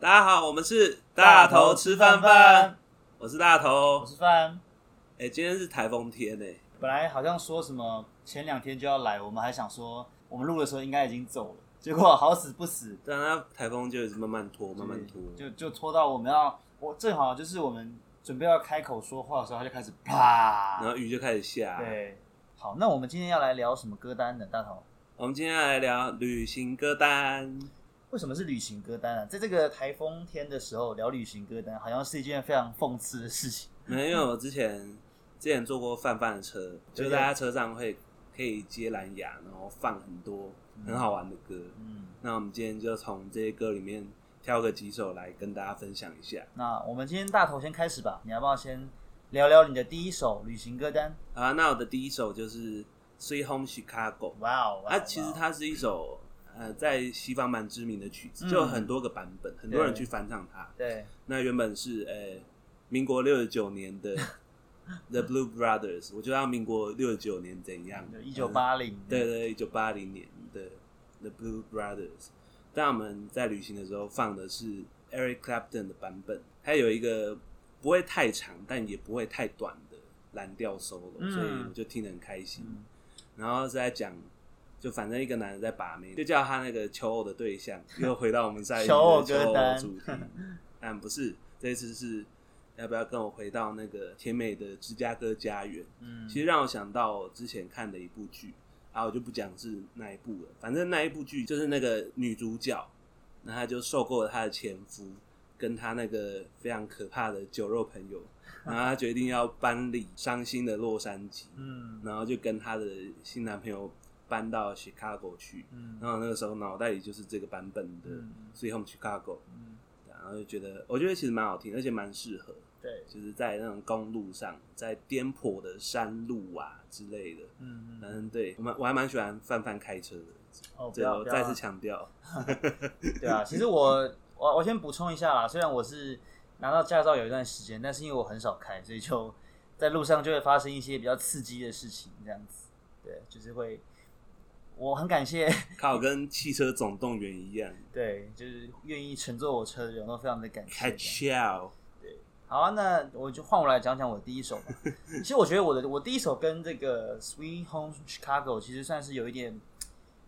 大家好，我們是大頭吃飯飯，我是大頭，我是飯。欸，今天是颱風天欸。本來好像說什麼前兩天就要來，我們還想說我們錄的時候應該已經走了，結果好死不死，但他颱風就一直慢慢拖，慢慢拖，就就拖到我們要我正好就是我們準備要開口說話的時候，他就開始啪，然後雨就開始下。對，好，那我們今天要來聊什麼歌單呢？大頭，我們今天要來聊旅行歌單。為什麼是旅行歌單啊？在這個颱風天的時候聊旅行歌單，好像是一件非常諷刺的事情。沒、嗯、有，因為我之前、嗯、之前坐過范范的車，對對對，就大家車上會可以接藍牙，然後放很多很好玩的歌。嗯，那我們今天就從這些歌裡面挑個幾首來跟大家分享一下。那我們今天大頭先開始吧，你要不要先聊聊你的第一首旅行歌單啊？那我的第一首就是《Sweet Home Chicago》。哇哦，啊其實它是一首。呃，在西方蠻知名的曲子，就有很多個版本、嗯，很多人去翻唱它。對，對那原本是呃，民國六十九年的 The Blue Brothers， 我覺得民國六十九年怎樣？一九八零。對對，對，一九八零年的 The Blue Brothers。當我們在旅行的時候放的是 Eric Clapton 的版本，它有一個不會太長，但也不會太短的藍調 solo、嗯。所以我就聽得很開心。嗯、然後是在講。就反正一個男人在把妹，就叫他那個求偶的對象。又回到我們在求偶歌單主題， 格 但不是，這一次是要不要跟我回到那個甜美的芝加哥家園？嗯，其實讓我想到我之前看的一部劇，然、啊、後我就不講是哪一部了。反正那一部劇就是那個女主角，那她就受夠了她的前夫跟她那個非常可怕的酒肉朋友，然後她決定要搬離傷心的洛杉磯。嗯，然後就跟她的新男朋友。搬到 Chicago 去，嗯，然後那個時候腦袋裡就是這個版本的，Sweet Home Chicago，嗯。然後就覺得，我覺得其實蠻好聽，而且蠻適合，對，就是在那種公路上，在顛簸的山路啊之類的。嗯嗯，反正對，我們我還蠻喜歡范范開車的。哦，對不要，不要，再次強調。啊 對啊，其實我我我先補充一下啦，雖然我是拿到駕照有一段時間，但是因為我很少開，所以就在路上就會發生一些比較刺激的事情，這樣子。對，就是會。我很感謝，看我跟汽車總動員一樣， 對，就是願意乘坐我車的人都非常的感謝。Catchy，對，好啊，那我就換我來講講我第一首吧。 其實我覺得我的我第一首跟這個《Sweet Home Chicago》其實算是有一點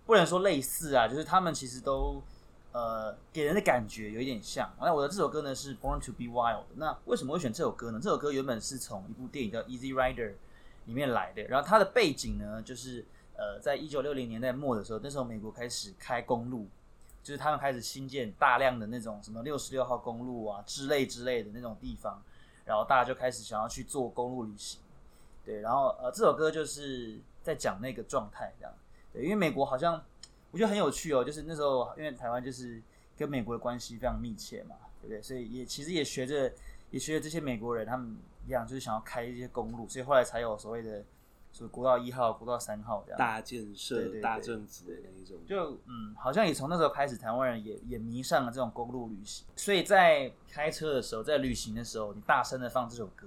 不能說類似啊，就是他們其實都呃給人的感覺有一點像。那、啊、我的這首歌呢是《Born to Be Wild》，那為什麼會選這首歌呢？這首歌原本是從一部電影叫《Easy Rider》裡面來的，然後它的背景呢就是。呃，在一九六零年代末的時候，那時候美國開始開公路，就是他們開始新建大量的那種什麼六十六號公路啊之類之類的那種地方，然後大家就開始想要去做公路旅行，對，然後呃，這首歌就是在講那個狀態，這樣，對，因為美國好像我覺得很有趣哦，就是那時候因為台灣就是跟美國的關係非常密切嘛，對不對？所以也其實也學着也學着這些美國人他們一樣，就是想要開一些公路，所以後來才有所謂的。所以國道一號、國道三號這樣，對對對，大建設、大政治的那一種，就嗯，好像也從那時候開始，台灣人也也迷上了這種公路旅行。所以在開車的時候，在旅行的時候，你大聲的放這首歌，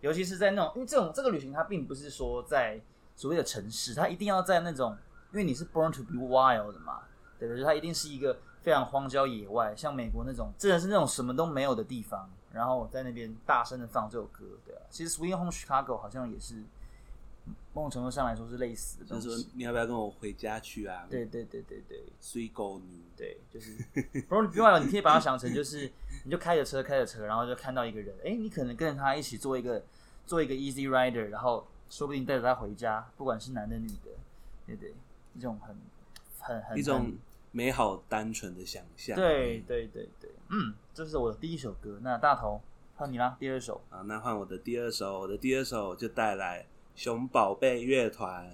尤其是在那種，因為這種這個旅行它並不是說在所謂的城市，它一定要在那種，因為你是 born to be wild 的嘛，對不對？它一定是一個非常荒郊野外，像美國那種，真的是那種什麼都沒有的地方，然後在那邊大聲的放這首歌，對啊，其實 Sweet Home Chicago 好像也是。某種程度上來說是類似的。他、就是、說：“你要不要跟我回家去啊？”對對對對對，水狗女。對，就是。 不過另外，你可以把它想成就是，你就開着車開着車，然後就看到一個人，哎、欸，你可能跟着他一起做一個做一個 Easy Rider，然後說不定帶着他回家，不管是男的女的，對對,對不對？一種很很很一種美好單純的想象。對對對對，嗯，這是我的第一首歌。那大頭換你啦。第二首啊，那換我的第二首，我的第二首就帶來。熊寶貝樂團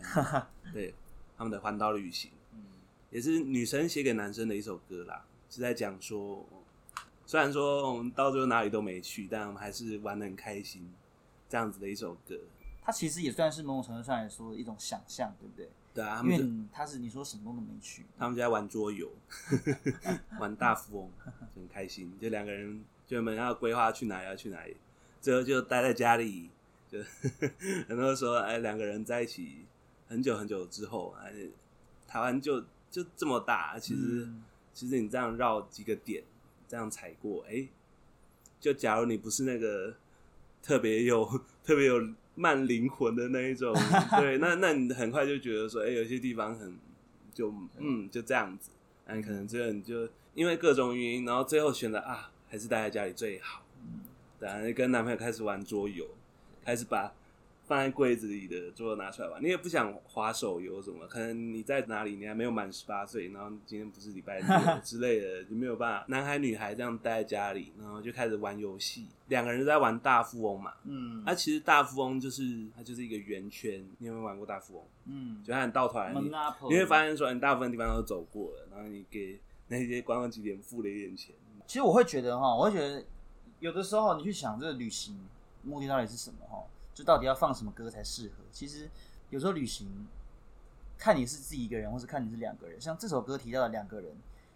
對他們的《環島旅行》，也是女生寫給男生的一首歌啦，是在講說，雖然說我們到最後哪裡都沒去，但我們還是玩得很開心，這樣子的一首歌。它其實也算是某種程度上來說的一種想象，對不對？對啊，因為他是你說什麼都沒去，他們就在玩桌遊， 玩大富翁， 很開心。就兩個人，就我們要規劃去哪裡，要去哪裡，最後就待在家裡。很 多人說，哎，兩個人在一起很久很久之後，哎，台灣就就這麼大，其實、嗯、其實你這樣繞幾個點，這樣踩過，哎，就假如你不是那個特別有特別有慢靈魂的那一種，對， 那那你很快就覺得說，哎，有些地方很就嗯就這樣子，哎，可能之後你就因為各種原因，然後最後選擇啊，還是待在家裡最好，對，然後跟男朋友開始玩桌遊。還是把放在櫃子裡的桌子拿出來玩，你也不想滑手遊什麼，可能你在哪裡，你還沒有滿十八歲，然後今天不是禮拜六之類的，就沒有辦法。男孩女孩這樣待在家裡，然後就開始玩遊戲。兩個人在玩大富翁嘛。嗯。那其實大富翁就是他就是一個圓圈。你有沒有玩過大富翁？嗯。就很到團，你會發現說你大部分地方都走過了，然後你給那些觀光景點付了一點錢。其實我會覺得齁，我會覺得有的時候你去想這個旅行目的到底是什麼？哈，就到底要放什麼歌才適合？其實有時候旅行，看你是自己一個人，或是看你是兩個人。像這首歌提到的兩個人，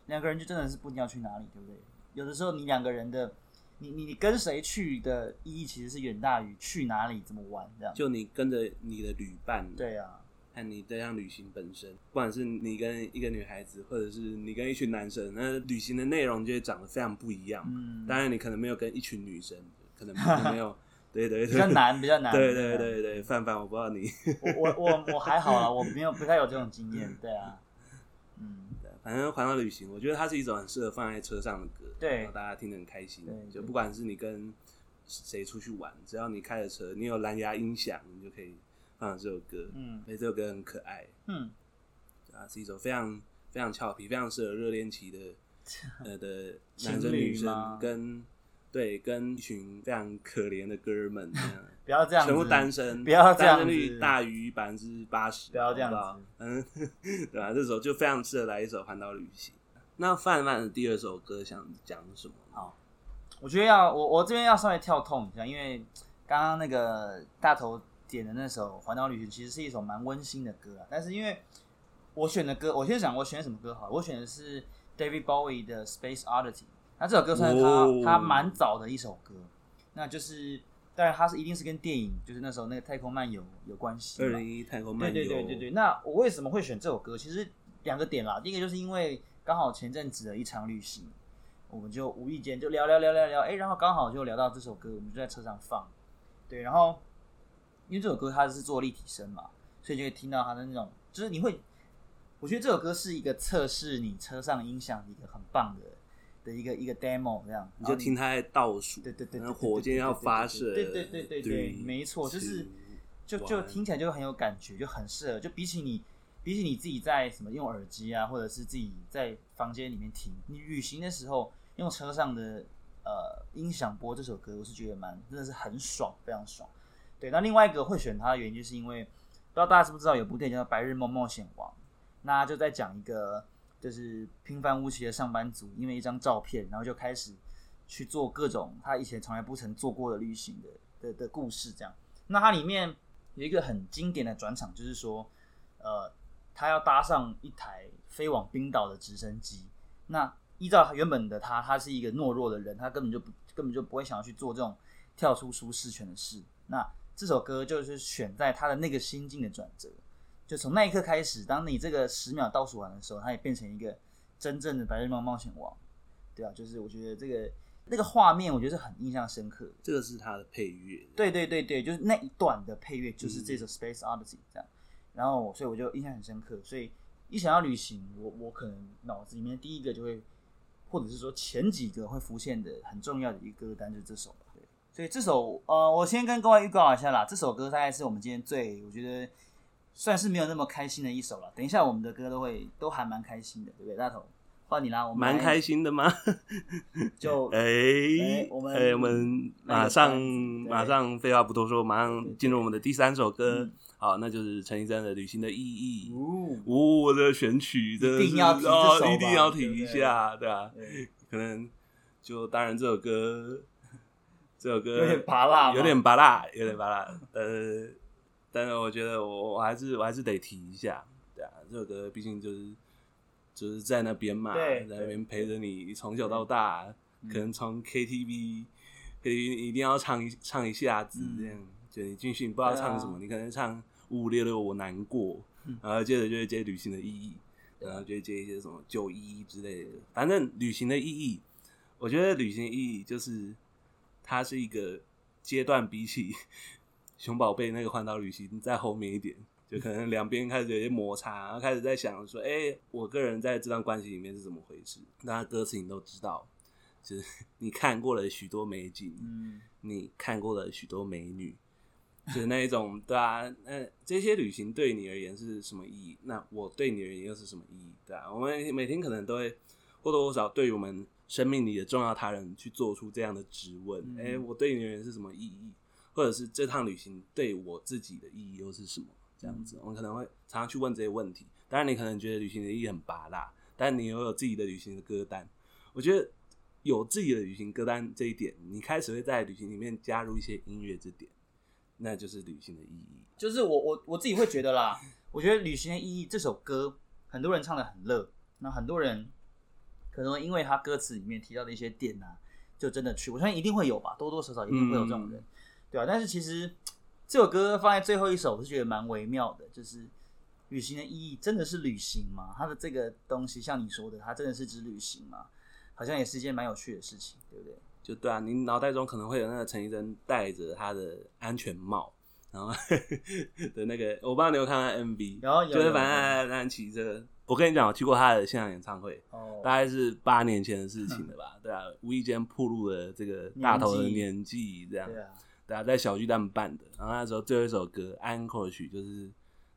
兩個人就真的是不一定要去哪裡，對不對？有的時候你兩個人的，你你你跟誰去的意義，其實是遠大於去哪裡怎麼玩的。就你跟着你的旅伴，對啊，看你對象旅行本身，不管是你跟一個女孩子，或者是你跟一群男生，那旅行的內容就會長得非常不一樣。嗯，當然，你可能沒有跟一群女生，可能沒有。 對對對，對，比較難，比較難。對對對對，范范，我不知道你我。我我我還好啊 我沒有不太有這種經驗，對啊。嗯，反正環島旅行，我覺得它是一種很適合放在車上的歌，對，大家聽得很開心。對對對，就不管是你跟誰出去玩，只要你開着車，你有藍牙音響，你就可以放這首歌。嗯，對，這首歌很可愛。嗯，啊，是一首非常非常俏皮，非常適合熱戀期的呃的男生女生跟。對，跟一群非常可憐的哥們這樣 不要這樣子，全部單身，不要這樣，單身率大於百分之八十，不要這樣子，嗯，好好 對吧、啊？這時候就非常適合來一首《環島旅行》。那范范的第二首歌想講什麼？好，我覺得要我我這邊要稍微跳痛一下，因為剛剛那個大頭點的那首《環島旅行》其實是一首蠻溫馨的歌，啊，但是因為我選的歌，我先想我選什麼歌好了？我選的是 David Bowie 的《Space Oddity》。那這首歌算是他，oh. 他蠻早的一首歌，那就是當然他是一定是跟電影，就是那時候那個太空漫遊有有關係嘛。二零一太空漫遊，對對對對對。那我為什麼會選這首歌其實兩個點啦，第一個就是因為剛好前陣子的一場旅行，我們就無意間就聊聊聊聊聊，哎，欸，然後剛好就聊到這首歌，我們就在車上放，對，然後因為這首歌它是做立體聲嘛，所以就可以聽到它的那種，就是你會，我覺得這首歌是一個測試你車上音響的一個很棒的。的一個一個 demo 這樣你，你就聽他在倒數，對對對，火箭要發射，對對對對對，沒錯，就是就就聽起來就很有感覺，就很適合。就比起你比起你自己在什麼用耳機啊，或者是自己在房間裡面聽，你旅行的時候用車上的呃音響播這首歌，我是覺得蠻真的是很爽，非常爽。對，那另外一個會選它的原因，就是因為不知道大家知不知道有部電影叫《白日夢冒險王》，那就在講一個。就是平凡無奇的上班族，因為一張照片，然後就開始去做各種他以前從來不曾做過的旅行的的的故事。這樣，那它裡面有一個很經典的轉場，就是說，呃，他要搭上一台飛往冰島的直升機。那依照原本的他，他是一個懦弱的人，他根本就不根本就不會想要去做這種跳出舒適圈的事。那這首歌就是選在他的那個心境的轉折。就從那一刻開始，當你這個十秒倒數完的時候，它也變成一個真正的白日夢冒險王，對啊，就是我覺得這個那個畫面，我覺得是很印象深刻。這個是它的配樂。對對對對，就是那一段的配樂，就是這首《Space Oddity》這樣、嗯。然後，所以我就印象很深刻。所以一想要旅行，我我可能腦子裡面第一個就會，或者是說前幾個會浮現的很重要的一個歌單就是這首對。所以這首呃，我先跟各位預告一下啦，這首歌大概是我們今天最我覺得。算是沒有那麼開心的一首了。等一下，我們的歌都會都還蠻開心的，對不對？大頭，換你啦，我們蠻開心的嗎？就哎、欸欸，我們哎、欸，我們馬上、那個、馬上廢話不多說，馬上進入我們的第三首歌。對對對嗯、好，那就是陳綺貞的《旅行的意義》嗯。哦，我的選曲，一定要提、哦、一定要聽一下，對吧、啊？可能就當然這首歌，這首歌有點芭樂，有點芭樂，有點芭樂。 呃。但是我覺得我我還是我還是得提一下，對啊，這首、個、歌畢竟就是就是在那邊嘛，對對，在那邊陪着你從小到大，可能從 KTV 可以一定要唱一唱一下子，這樣、嗯、就你軍訓不知道唱什麼，啊、你可能唱五五六六我難過，然後接着就會接旅行的意義，然後就會接一些什麼舊衣之類的，反正旅行的意義，我覺得旅行的意義就是它是一個階段，比起。熊寶貝那個環島旅行在後面一點，就可能兩邊開始有些摩擦，然後開始在想說：哎、欸，我個人在這段關係裡面是怎麼回事？那歌詞你都知道，就是你看過了許多美景，你看過了許多、嗯、多美女，就是那一種，對啊，那、呃、這些旅行對你而言是什麼意義？那我對你而言又是什麼意義？對啊，我們每天可能都會或多或少對於我們生命裡的重要他人去做出這樣的質問：哎、嗯欸，我對你而言是什麼意義？或者是這趟旅行對我自己的意義又是什麼？這樣子，嗯，我可能會常常去問這些問題。當然，你可能覺得旅行的意義很芭樂，但你又有自己的旅行的歌單。我覺得有自己的旅行歌單這一點，你開始會在旅行裡面加入一些音樂，這點，那就是旅行的意義。就是我我我自己會覺得啦， 我覺得旅行的意義這首歌，很多人唱得很樂。那很多人可能因為他歌詞裡面提到的一些點啊，就真的去，我相信一定會有吧，多多少少一定會有這種人。嗯對啊，但是其實這首歌放在最後一首，我是覺得蠻微妙的。就是旅行的意義，真的是旅行嗎？它的這個東西，像你說的，它真的是指旅行嗎？好像也是一件蠻有趣的事情，對不對？就對啊，你腦袋中可能會有那個陳綺貞戴着她的安全帽，然後的 那個，我不知道你留看看 MV, 有看過 MV，然後就是反正這個，我跟你講，我去過她的現場演唱會，哦，大概是八年前的事情了吧？ 對啊，無意間暴露了這個大頭的年紀，這樣。大家在小巨蛋辦的，然後那時候最後一首歌《安可曲 》就是《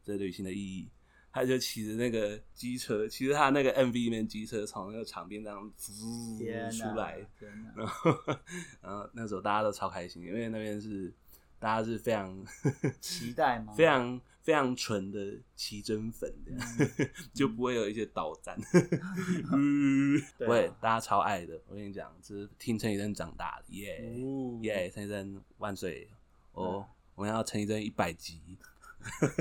這旅行的意義》，他就騎着那個機車，其實他那個 MV 裡面機車從那個場邊這樣滋出來，然後， 然後那時候大家都超開心，因為那邊是大家是非常 期待嗎？ 非常。非常純的奇珍粉這樣，嗯、 就不會有一些導贊、嗯， 嗯、 對、啊，大家超愛的。我跟你講，就是聽陳綺貞長大的耶耶，陳、yeah, 綺、哦 yeah, 真萬歲！哦、oh, 嗯，我們要陳綺貞一百集。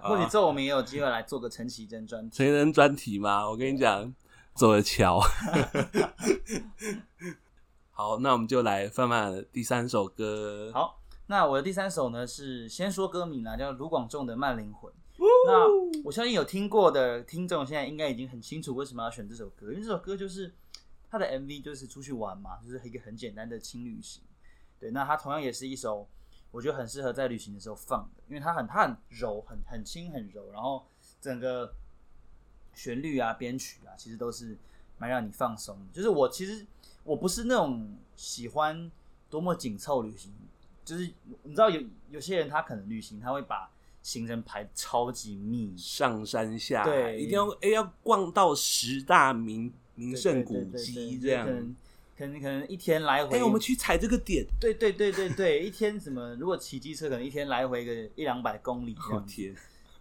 啊、或許這我們也有機會來做個陳綺貞專題陳綺 真專題嘛？我跟你講，走着瞧。 好，那我們就來放放第三首歌。好。那我的第三首呢，是先說歌名啦，叫盧廣仲的《慢靈魂》。那我相信有聽過的聽眾現在應該已經很清楚為什麼要選這首歌，因為這首歌就是他的 MV 就是出去玩嘛，就是一個很簡單的輕旅行。對，那它同樣也是一首我覺得很適合在旅行的時候放的，因為它很它很柔，很很輕很柔，然後整個旋律啊、編曲啊，其實都是蠻讓你放鬆的。就是我其實我不是那種喜歡多麼緊湊旅行。就是你知道有有些人他可能旅行他會把行程排超級密，上山下對，一定要哎、欸、要逛到十大名名勝古蹟這,這樣，可能可能可能一天來回，哎、欸、我們去踩這個點，對對對對對，一天怎麼 如果騎機車可能一天來回個一兩百公里這樣，好、oh, 天，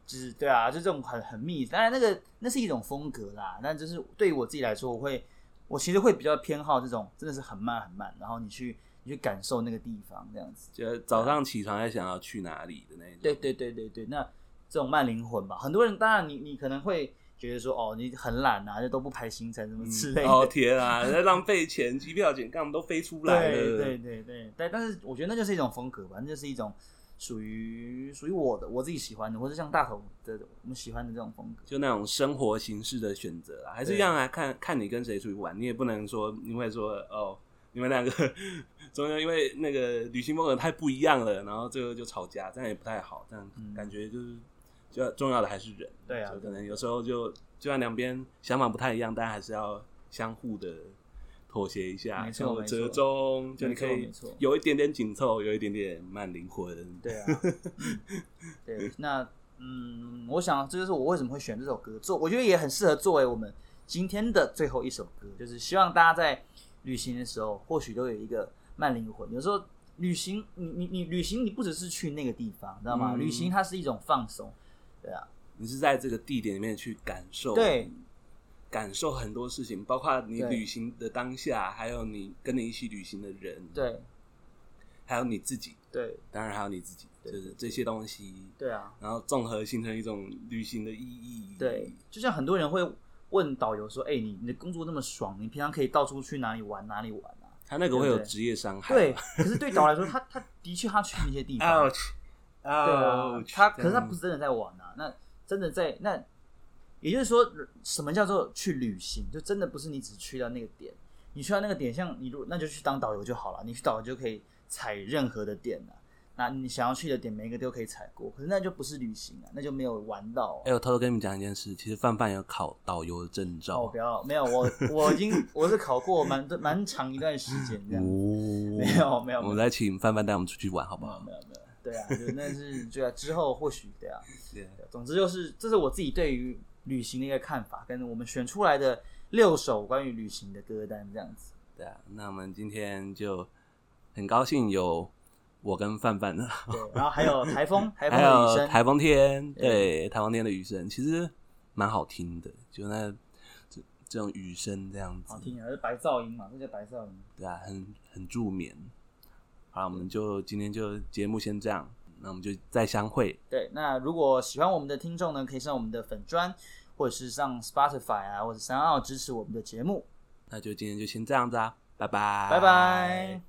就是對啊，就這種很很密，當然那個那是一種風格啦，但就是對於我自己來說，我會我其實會比較偏好這種真的是很慢很慢，然後你去。你去感受那個地方，這樣子。覺得早上起床還想要去哪裡的那種。對對對對對，那這種慢靈魂吧，很多人當然你你可能會覺得說，哦，你很懶啊，就都不排行程什，這麼吃哦，天啊，那 浪費錢，機票錢，幹嘛都飛出來了。對對對對，但但是我覺得那就是一種風格吧，那就是一種屬於屬於我的我自己喜歡的，或者像大頭的我們喜歡的這種風格，就那種生活形式的選擇啦，還是讓來看看你跟誰出去玩，你也不能說你會說哦。你們兩個中間，因為那個旅行風格太不一樣了，然後最後就吵架，這樣也不太好。這樣感覺就是，要、嗯、重要的還是人。對啊，可能有時候就，啊、就雖然兩邊想法不太一樣，但還是要相互的妥協一下，然後折中就你可以，有一點點緊湊，有一點點慢靈魂。對啊， 嗯、對。那嗯，我想這就是我為什麼會選這首歌做，我覺得也很適合作為我們今天的最後一首歌，就是希望大家在。旅行的時候，或許都有一個慢靈魂。有時候旅行，你你你旅行，你不只是去那個地方，知道嗎？嗯，旅行它是一種放鬆，對啊。你是在這個地點裡面去感受，對，感受很多事情，包括你旅行的當下，還有你跟你一起旅行的人，對，還有你自己，對，當然還有你自己，對，對，對，就是這些東西，對啊。然後綜合形成一種旅行的意義，對，就像很多人會。問導遊說：“哎、欸，你你的工作那麼爽，你平常可以到處去哪裡玩哪裡玩啊？”他那個會有職業傷害。對， 可是對導遊來說，他他的確他去那些地方，他可是他不是真的在玩啊。那真的在那，也就是說，什麼叫做去旅行？就真的不是你只去到那個點，你去到那個點，像你如果那就去當導遊就好了，你去導遊就可以踩任何的點。那、啊、你想要去的點，每一個都可以踩過，可是那就不是旅行了，啊，那就沒有玩到，啊。哎、欸，我偷偷跟你們講一件事，其實范范有考導遊的證照。哦，不要，沒有我，我已經 我是考過蠻蠻長一段時間這樣哦。沒有沒有。我們來請范范帶我們出去玩好不好？嗯、沒有沒有。對啊，那是就要之後或許對啊。 對啊對。總之就是，這是我自己對於旅行的一個看法，跟我們選出來的六首關於旅行的歌單這樣子。對啊，那我們今天就很高興有。我跟范范的，對，然後還有颱風， 颱風的雨聲，颱風天、嗯對，對，颱風天的雨聲，其實蠻好聽的，就那這這種雨聲這樣子，好聽的，還是白噪音嘛，這叫白噪音，對啊，很很助眠。好，我們就今天就節目先這樣，那我們就再相會。對，那如果喜歡我們的聽眾呢，可以上我們的粉專，或者是上 Spotify 啊，或者三奧支持我們的節目。那就今天就先這樣子啊，拜拜，拜拜。